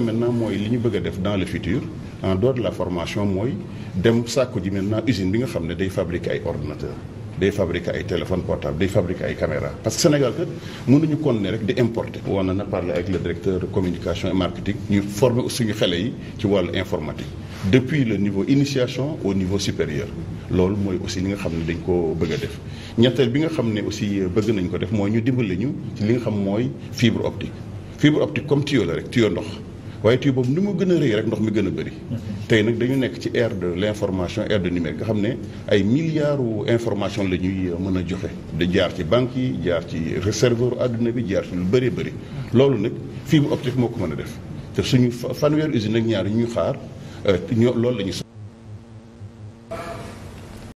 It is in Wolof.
maintenant mooy li ñu bëgg def dans le futur en dehors de la formation mooy dem sàkku ji maintenant usine bi nga xam ne day fabriquer ay ordinateur day fabriquer ay téléphone portable day fabriquer ay caméra parce que Sénégal kat mënuñu kon ne rek di importer. woon na parler avec le directeur de communication et marketing ñu former suñu xale yi ci wàllu informatique depuis le niveau initiation au niveau supérieur loolu mooy aussi li nga xam ne dañ ko bëgg def ñetteel bi nga xam ne aussi bëgg nañ ko def mooy ñu dimbali ñu ci li nga xam mooy fibre optique fibre optique comme tuyau la rek tuyau ndox waaye tuy boobu ni mu gën a rëy rek ndox mi gën a bëri tey nag dañu nekk ci ère de l' information ère de numérique nga xam ne ay milliards information la ñuy euh, mën a joxe da jaar ci banques yi jaar ci serveur àdduna bi jaar ci lu bëree bëri loolu nag fii fibre optique moo ko mën a def te suñu fanweer usine ak ñaar ñu xaar euh, ñoo loolu la ñu